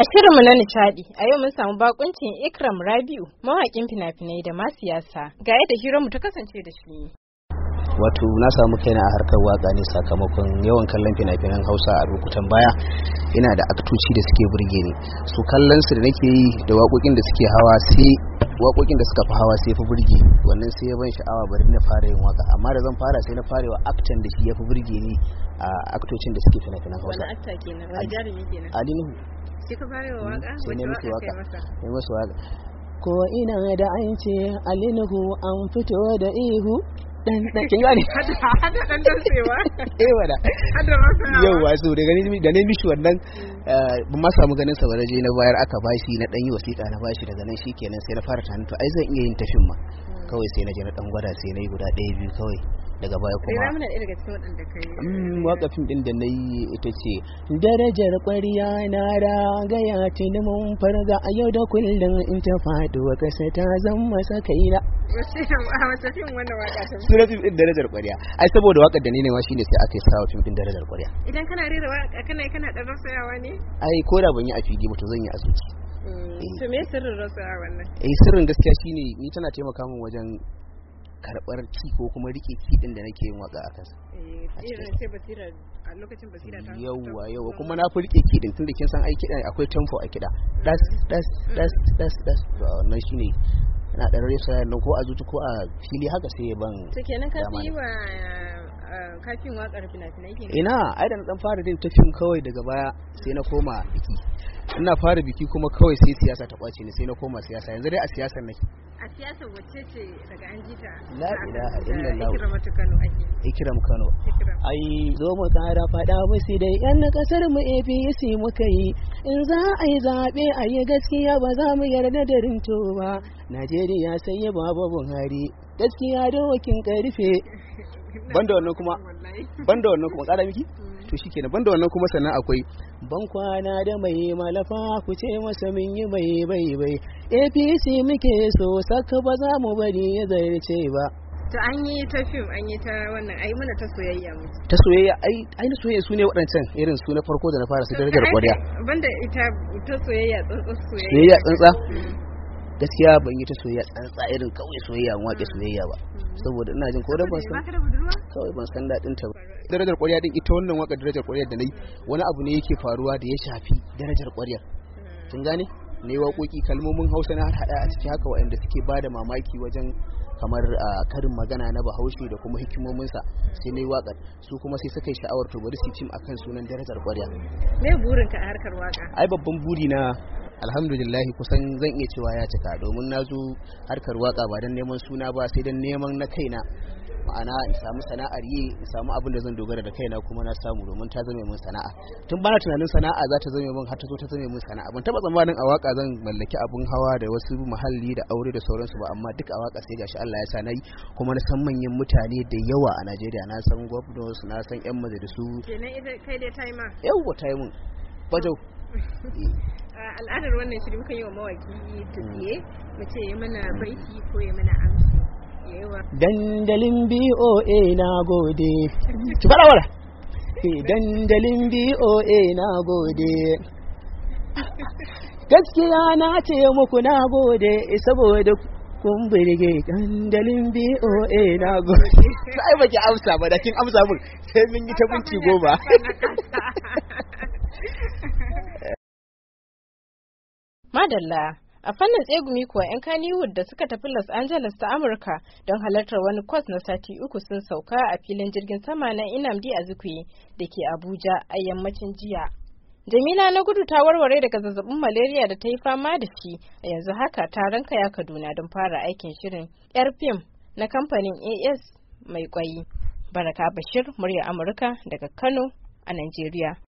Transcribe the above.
A shirinmu na nishadi a yau mun samu bakuncin Ikram Rabiu mawaƙin fina-finai da ma siyasa ga yadda hirarmu ta kasance da shi. Wato na samu kaina a harkar waƙa ne sakamakon yawan kallon fina-finan Hausa a lokutan baya ina da aktoci da suke burge ni su kallon su da nake yi da waƙoƙin da suke hawa sai waƙoƙin da suka fi hawa sai fi burge wannan sai ya ban sha'awa bari na fara yin waka amma da zan fara sai na fara wa aktan da shi ya fi burge ni a aktocin da suke fina-finan kawai. wani akta kenan wani jarumi kenan ali sai ka fara wa waka wani waka masa waka ko ina da an ce alinuhu an fito da ihu dan kin gane hada dan dansewa eh wada hada masana yawa so daga ni da ne mishi wannan eh, ban ma samu ganin sa baraje na bayar aka bashi na dan yi wasiƙa na bashi daga nan shikenan sai na fara tunanin to ai zan iya yin tafin ma hmm. kawai sai na je na dan gwada sai na yi guda ɗaya biyu kawai daga baya kuma ramuna mana daga cikin waɗanda ka yi mm, waka fim din da na yi ita ce darajar ƙwariya na ragaya tuni mun farga a yau da kullum in ta faduwa kasa ta zama sakaina wasu sura fim darajar ƙwariya ai saboda da ni ne ma sai aka sa fim darajar idan kana rera kana kana rasayawa ne ai da ban yi a fili mutum zan yi a mm, eh. to me sirrin rasayawa wannan eh sirrin gaskiya shine ni tana taimaka min wajen karɓar ci ko kuma rike kiɗin da nake yin waka a kansa yawwa eh, yawwa kuma na fi rike kiɗin tunda kin san ai kiɗa akwai tempo a kiɗa das das das das das to wannan shine ina da rare sai nan ko a zuci ko a fili haka sai ban to kenan ka fi wa eh, kafin wakar fina-finai ina ai da na dan fara din ta fim kawai daga baya sai na koma biki ina fara biki kuma kawai sai siyasa ta kwace ni sai na koma siyasa yanzu dai a siyasar nake a siyasar wacce ce daga an jita la ilaha illallah ikram kano ake ikram kano ai zo mu kara fada musu dai yan kasar mu APC muka yi in za a yi zabe a yi gaskiya ba za mu yarda da rinto ba Najeriya sai ya baba Buhari gaskiya da wakin karfe banda wannan kuma banda wannan kuma tsara miki mm. to shikenan banda wannan kuma sannan akwai ban kwana da mai malafa ku ce masa min yi mai bai bai apc muke so saka ba za mu bari ya zarce ba to an yi ta fim an yi ta wannan ai mana ta soyayya mu ta soyayya ai ai na soyayya sune waɗancan irin su na farko da na fara su darajar kwariya banda ita ta soyayya tsantsa soyayya soyayya tsantsa mm. gaskiya ban yi ta soyayya tsantsa irin kawai soyayya an wake soyayya ba saboda ina jin ko da ban san kawai ban san daɗin ta ba darajar ƙwarya din ita wannan waka darajar ƙwarya da nayi wani abu ne yake faruwa da ya shafi darajar ƙwaryar kin gane ne waƙoƙi kalmomin hausa na haɗa a ciki haka waɗanda suke ba da mamaki wajen kamar karin magana na bahaushe da kuma hikimominsa sai na yi su kuma sai suka yi sha'awar to bari su cim akan sunan darajar ƙwarya me burinka a harkar waka ai babban buri na alhamdulillahi kusan zan iya cewa ya cika domin na zo harkar waka ba don neman suna ba sai don neman na kaina ma'ana in samu sana'ar yi in samu abin da zan dogara da kaina kuma na samu domin ta zame min sana'a tun bana tunanin sana'a za ta zame min har ta zo ta zame min sana'a ban taba tsammanin a waka zan mallaki abin hawa da wasu muhalli da aure da sauransu ba amma duk a waka sai gashi Allah ya sa nayi kuma na san manyan mutane da yawa a Najeriya na san gwamnati na san yan majalisu kenan kai timer bajau al'adar wannan shirin kan yi wa mawaki tutsiye hmm. mu ce ya mana baiti ko yi mana amshi dandalin BOA na gode ki fara wala eh, dandalin BOA na gode gaskiya na ce muku na gode eh, saboda kun birge dandalin BOA na gode sai baki amsa ba da kin amsa mun sai mun yi ta minti goma Madalla. A fannin tsegumi kuwa 'yan Kannywood da suka tafi Los Angeles ta Amurka don halartar wani kwas na sati uku sun sauka a filin jirgin sama na Inamdi Azikwe da ke Abuja a yammacin jiya. Jamila na gudu ta warware daga zazzabin malaria da ta yi fama da shi a yanzu haka ta ranka ya Kaduna don fara aikin shirin yar fim na kamfanin AS mai kwayi. Baraka Bashir, murya Amurka daga Kano a Najeriya.